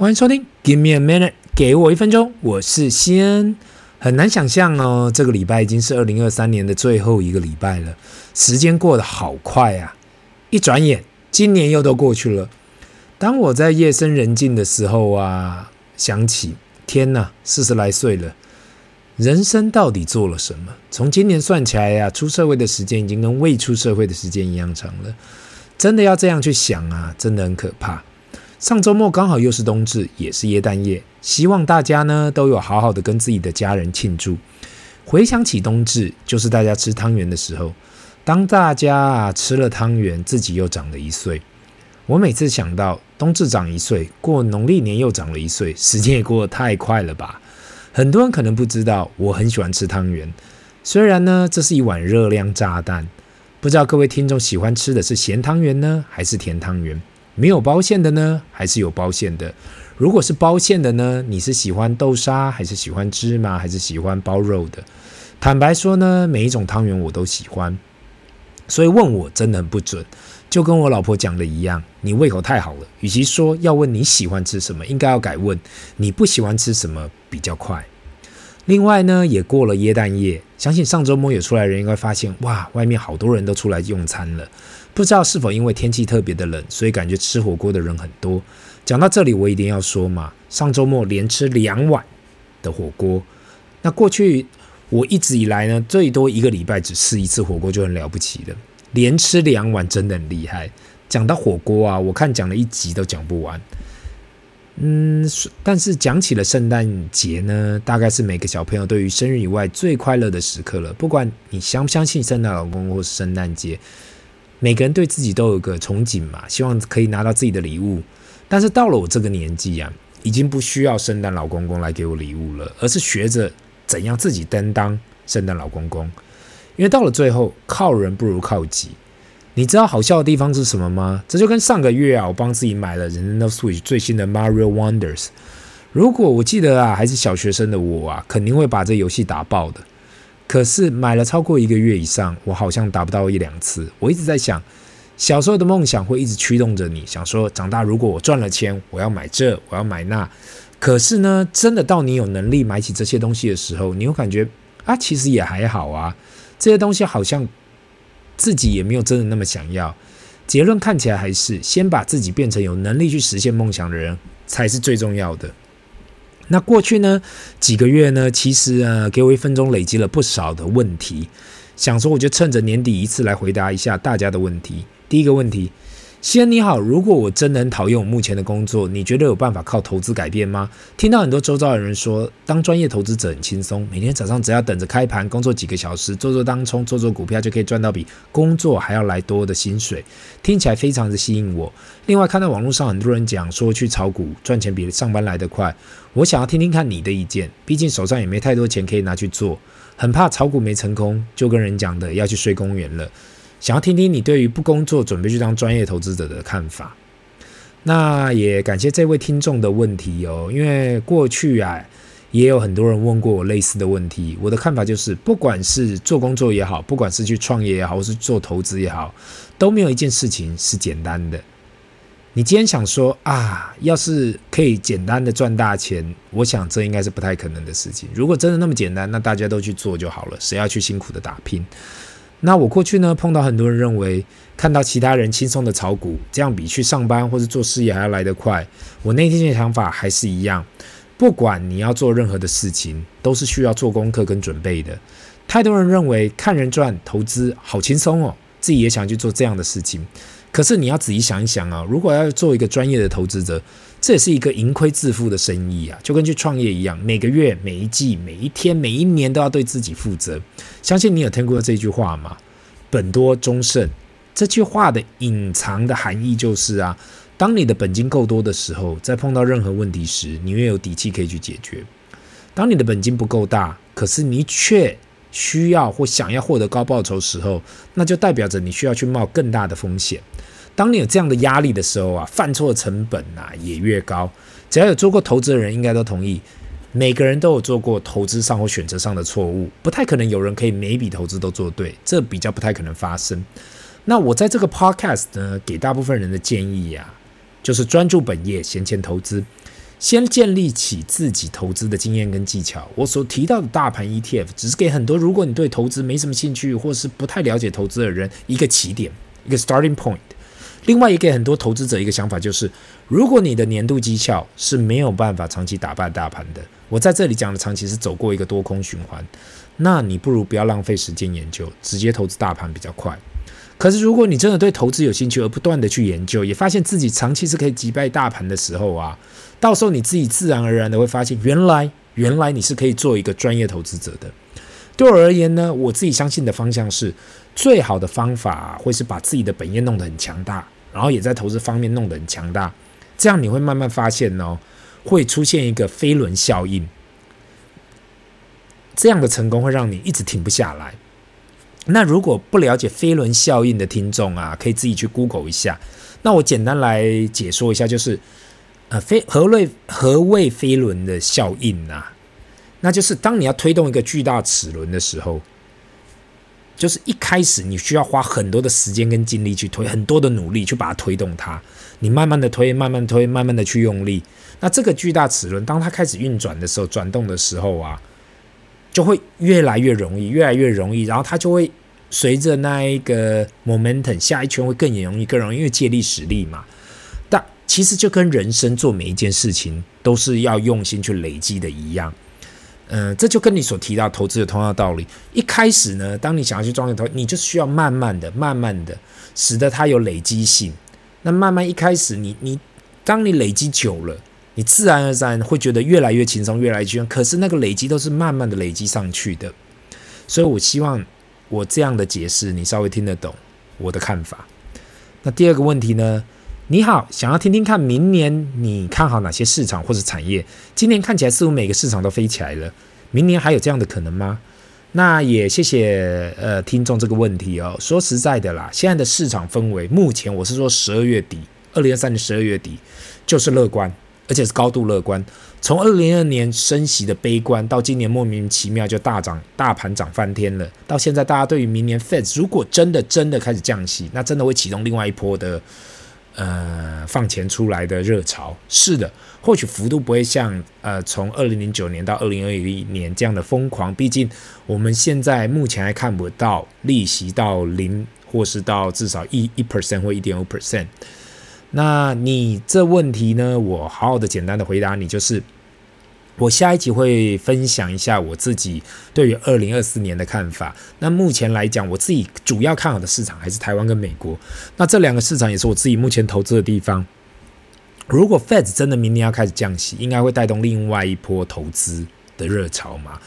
歡迎收聽，Give me a minute，給我一分鐘，我是西恩。很難想象哦，這個禮拜已經是二零二三年的最後一個禮拜了，時間過得好快啊！一轉眼，今年又都過去了。當我在夜深人靜的時候啊，想起，天吶，四十來歲了，人生到底做了什麼？從今年算起來呀、啊，出社會的時間已經跟未出社會的時間一樣長了，真的要這樣去想啊，真的很可怕。上週末剛好又是冬至，也是耶誕夜，希望大家呢都有好好的跟自己的家人慶祝。回想起冬至，就是大家吃湯圓的時候，當大家啊吃了湯圓，自己又長了一歲。我每次想到冬至長一歲，過農曆年又長了一歲，時間也過得太快了吧？很多人可能不知道，我很喜歡吃湯圓，雖然呢這是一碗熱量炸彈。不知道各位聽眾喜歡吃的是鹹湯圓呢，還是甜湯圓？沒有包餡的呢，還是有包餡的？如果是包餡的呢，你是喜歡豆沙，還是喜歡芝麻，還是喜歡包肉的？坦白說呢，每一種湯圓我都喜歡，所以問我真的很不準。就跟我老婆講的一樣，你胃口太好了。與其說要問你喜歡吃什麼，應該要改問你不喜歡吃什麼比較快。另外呢，也過了耶誕夜，相信上周末有出來人應該發現，哇，外面好多人都出來用餐了。不知道是否因為天氣特別的冷，所以感覺吃火鍋的人很多。講到這裡，我一定要說嘛，上周末連吃兩碗的火鍋。那過去我一直以來呢，最多一個禮拜只吃一次火鍋就很了不起了，連吃兩碗真的很厲害。講到火鍋啊，我看講了一集都講不完。嗯，但是講起了聖誕節呢，大概是每個小朋友對於生日以外最快樂的時刻了。不管你相不相信聖誕老公公或是聖誕節。每個人對自己都有個憧憬嘛，希望可以拿到自己的禮物。但是到了我這個年紀呀，啊，已經不需要聖誕老公公來給我禮物了，而是學着怎樣自己擔當聖誕老公公。因為到了最後，靠人不如靠己。你知道好笑的地方是什麼嗎？這就跟上個月啊，我幫自己買了任天堂 Switch 最新的 Mario Wonders。如果我記得啊，還是小學生的我啊，肯定會把這遊戲打爆的。可是買了超過一個月以上，我好像達不到一兩次。我一直在想，小時候的夢想會一直驅動着你想說，長大如果我賺了錢，我要買這，我要買那。可是呢，真的到你有能力買起這些東西的時候，你又感覺啊，其實也還好啊，這些東西好像自己也沒有真的那麼想要。結論看起來還是先把自己變成有能力去實現夢想的人，才是最重要的。那過去呢，幾個月呢，其實啊，給我一分鐘累積了不少的問題，想說我就趁着年底一次來回答一下大家的問題。第一個問題。西恩你好，如果我真能討厭我目前的工作，你覺得有辦法靠投資改變嗎？聽到很多周遭的人說，當專業投資者很輕鬆，每天早上只要等着開盤，工作幾個小時，做做當沖，做做股票就可以賺到比工作還要來多的薪水，聽起來非常的吸引我。另外看到網絡上很多人講說去炒股賺錢比上班來得快，我想要聽聽看你的意見，畢竟手上也沒太多錢可以拿去做，很怕炒股沒成功就跟人講的要去睡公園了。想要聽聽你對於不工作準備去當專業投資者的看法，那也感謝這位聽眾的問題哦。因為過去啊，也有很多人問過我類似的問題。我的看法就是，不管是做工作也好，不管是去創業也好，或是做投資也好，都沒有一件事情是簡單的。你今天想說啊，要是可以簡單的賺大錢，我想這應該是不太可能的事情。如果真的那麼簡單，那大家都去做就好了，誰要去辛苦的打拼？那我過去呢，碰到很多人認為，看到其他人輕鬆的炒股，這樣比去上班或是做事業還要來得快。我那天的想法還是一樣，不管你要做任何的事情，都是需要做功課跟準備的。太多人認為看人賺投資好輕鬆哦，自己也想去做這樣的事情。可是你要仔細想一想啊！如果要做一個專業的投資者，這也是一個盈虧自負的生意啊，就跟去創業一樣，每個月、每一季、每一天、每一年都要對自己負責。相信你有聽過這句話嗎？“本多終勝”這句話的隱藏的含義就是啊，當你的本金夠多的時候，在碰到任何問題時，你越有底氣可以去解決。當你的本金不夠大，可是你卻需要或想要獲得高報酬的時候，那就代表着你需要去冒更大的風險。當你有這樣的壓力的時候啊，犯錯的成本啊也越高。只要有做過投資的人，應該都同意，每個人都有做過投資上或選擇上的錯誤，不太可能有人可以每筆投資都做對，這比較不太可能發生。那我在這個 podcast 呢，給大部分人的建議呀、啊，就是專注本業，閒錢投資，先建立起自己投資的經驗跟技巧。我所提到的大盤 ETF，只是給很多如果你對投資沒什麼興趣，或是不太了解投資的人一個起點，一個 starting point。另外也給很多投資者一個想法，就是如果你的年度績效是沒有辦法長期打敗大盤的，我在這裡講的長期是走過一個多空循環，那你不如不要浪費時間研究，直接投資大盤比較快。可是如果你真的對投資有興趣，而不斷的去研究，也發現自己長期是可以擊敗大盤的時候啊，到時候你自己自然而然的會發現，原來原來你是可以做一個專業投資者的。對我而言呢，我自己相信的方向是，最好的方法會是把自己的本業弄得很強大，然後也在投資方面弄得很強大，這樣你會慢慢發現哦，會出現一個飛輪效應，這樣的成功會讓你一直停不下來。那如果不了解飛輪效應的聽眾啊，可以自己去 Google 一下。那我簡單來解說一下，就是呃，飛何謂何謂飛輪的效應呢啊？那就是當你要推動一個巨大齒輪的時候，就是一開始你需要花很多的時間跟精力去推，很多的努力去把它推動它。你慢慢的推，慢慢推，慢慢的去用力。那這個巨大齒輪當它開始運轉的時候，轉動的時候啊，就會越來越容易，越來越容易。然後它就會隨着那一個 momentum，下一圈會更容易，更容易，因為借力使力嘛。但其實就跟人生做每一件事情都是要用心去累積的一樣。嗯，這就跟你所提到的投資有同樣的道理。一開始呢，當你想要去賺錢的投資，你就需要慢慢的、慢慢的，使得它有累積性。那慢慢一開始，你你，當你累積久了，你自然而然會覺得越來越輕鬆、越來越輕鬆。可是那個累積都是慢慢的累積上去的，所以我希望我這樣的解釋你稍微聽得懂我的看法。那第二個問題呢？你好，想要聽聽看，明年你看好哪些市場或是產業？今年看起來似乎每個市場都飛起來了，明年還有這樣的可能嗎？那也謝謝呃聽眾這個問題哦。說實在的啦，現在的市場氛圍，目前我是說十二月底，二零二三年十二月底就是樂觀，而且是高度樂觀。從二零二二年升息的悲觀，到今年莫名其妙就大漲，大盤漲翻天了，到現在大家對於明年 Fed 如果真的真的開始降息，那真的會啟動另外一波的。呃，放錢出來的熱潮，是的，或許幅度不會像呃，從二零零九年到二零二一年這樣的瘋狂。畢竟我們現在目前還看不到利息到零，或是到至少一一 percent 或一點五 percent。那你這問題呢？我好好的簡單的回答你就是。我下一集會分享一下我自己對於二零二四年的看法。那目前來講，我自己主要看好的市場還是台灣跟美國。那這兩個市場也是我自己目前投資的地方。如果 Fed 真的明年要開始降息，應該會帶動另外一波投資的熱潮嘛？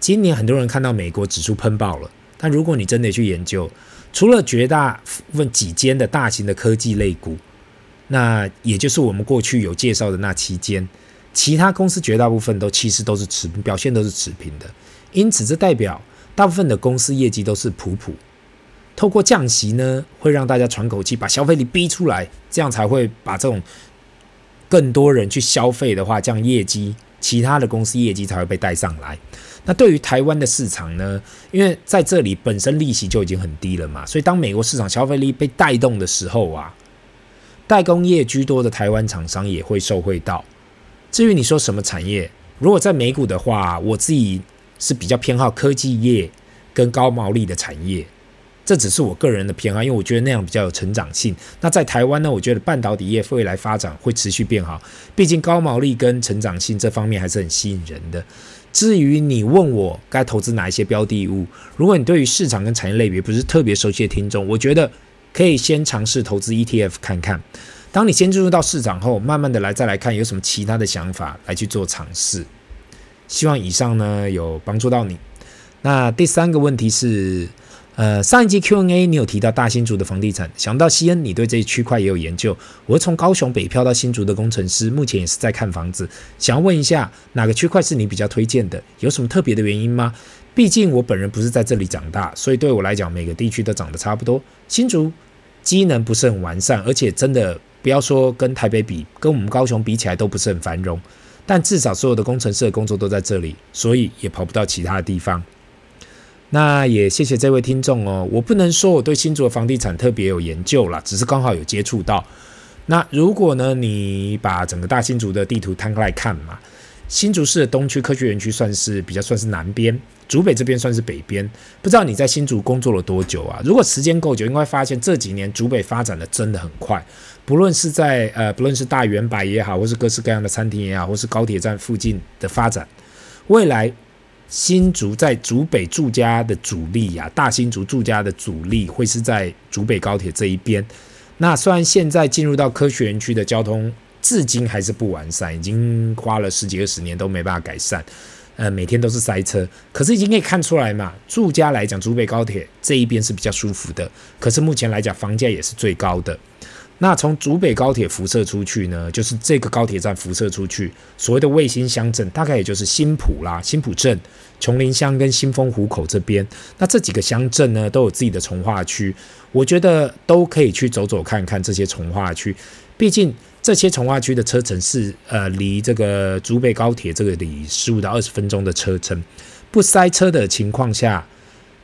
今年很多人看到美國指數噴爆了，但如果你真的去研究，除了絕大部分幾間的大型的科技類股，那也就是我們過去有介紹的那期間。其他公司絕大部分都其實都是持平表現都是持平的，因此這代表大部分的公司業績都是普普。透過降息呢，會讓大家喘口氣，把消費力逼出來，這樣才會把這種更多人去消費的話，這樣業績其他的公司業績才會被帶上來。那對於台灣的市場呢？因為在這裡本身利息就已經很低了嘛，所以當美國市場消費力被帶動的時候啊，代工業居多的台灣廠商也會受惠到。至於你說什麼產業，如果在美股的話，我自己是比較偏好科技業跟高毛利的產業。這只是我個人的偏好，因為我覺得那樣比較有成長性。那在台灣呢，我覺得半導體業未來發展會持續變好，畢竟高毛利跟成長性這方面還是很吸引人的。至於你問我該投資哪一些標的物，如果你對於市場跟產業類別不是特別熟悉的聽眾，我覺得可以先嘗試投資 ETF 看看。當你先進入到市場後，慢慢的來再來看有什麼其他的想法來去做嘗試。希望以上呢有幫助到你。那第三個問題是，呃，上一集 Q&A 你有提到大新竹的房地產，想到西恩，你對這區塊也有研究。我從高雄北漂到新竹的工程師，目前也是在看房子，想要問一下哪個區塊是你比較推薦的？有什麼特別的原因嗎？畢竟我本人不是在這裡長大，所以對我來講，每個地區都長得差不多。新竹機能不是很完善，而且真的。不要說跟台北比，跟我們高雄比起來都不是很繁榮，但至少所有的工程師的工作都在這裡，所以也跑不到其他的地方。那也謝謝這位聽眾哦，我不能說我對新竹的房地產特別有研究啦，只是剛好有接觸到。那如果呢，你把整個大新竹的地圖攤開來看嘛，新竹市的東區科學園區算是比較算是南邊。竹北這邊算是北邊，不知道你在新竹工作了多久啊？如果時間夠久，應該發現這幾年竹北發展的真的很快，不論是在呃，不論是大遠百也好，或是各式各樣的餐廳也好，或是高鐵站附近的發展，未來新竹在竹北住家的主力呀，啊，大新竹住家的主力會是在竹北高鐵這一邊。那雖然現在進入到科學園區的交通至今還是不完善，已經花了十幾二十年都沒辦法改善。呃，每天都是塞車，可是已經可以看出來嘛。住家來講，竹北高鐵這一邊是比較舒服的，可是目前來講房價也是最高的。那從竹北高鐵輻射出去呢，就是這個高鐵站輻射出去，所謂的衛星鄉鎮，大概也就是新埔啦、新埔鎮、芎林鄉跟新豐湖口這邊。那這幾個鄉鎮呢，都有自己的重劃區，我覺得都可以去走走看看這些重劃區，畢竟。這些重劃區的車程是呃，離這個竹北高鐵這裡十五到二十分鐘的車程，不塞車的情況下，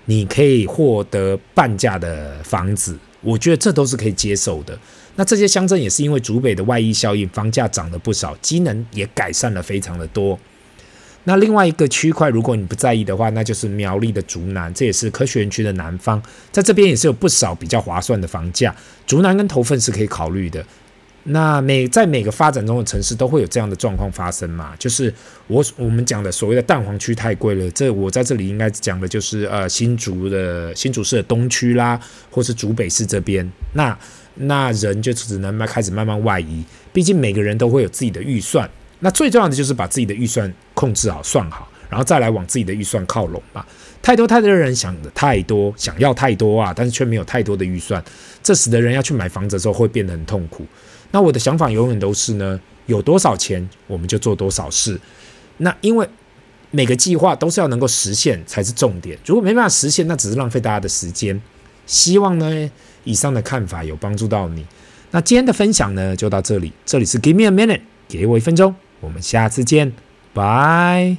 你可以獲得半價的房子，我覺得這都是可以接受的。那這些鄉鎮也是因為竹北的外溢效應，房價漲了不少，機能也改善了非常的多。那另外一個區塊，如果你不在意的話，那就是苗栗的竹南，這也是科學園區的南方，在這邊也是有不少比較划算的房價，竹南跟頭份是可以考慮的。那每在每個發展中的城市都會有這樣的狀況發生嘛，就是我我們講的所謂的蛋黃區太貴了，這我在這裡應該講的就是呃新竹的新竹市的東區啦，或是竹北市這邊，那那人就只能慢開始慢慢外移，畢竟每個人都會有自己的預算。那最重要的就是把自己的預算控制好，算好，然後再來往自己的預算靠攏嘛。太多太多的人想的太多，想要太多啊，但是卻沒有太多的預算，這使得人要去買房子的時候會變得很痛苦。那我的想法永遠都是呢，有多少錢我們就做多少事。那因為每個計劃都是要能夠實現才是重點，如果沒辦法實現，那只是浪費大家的時間。希望呢，以上的看法有幫助到你。那今天的分享呢，就到這裡，這裡是 Give me a Minute，給我一分鐘，我們下次見，拜。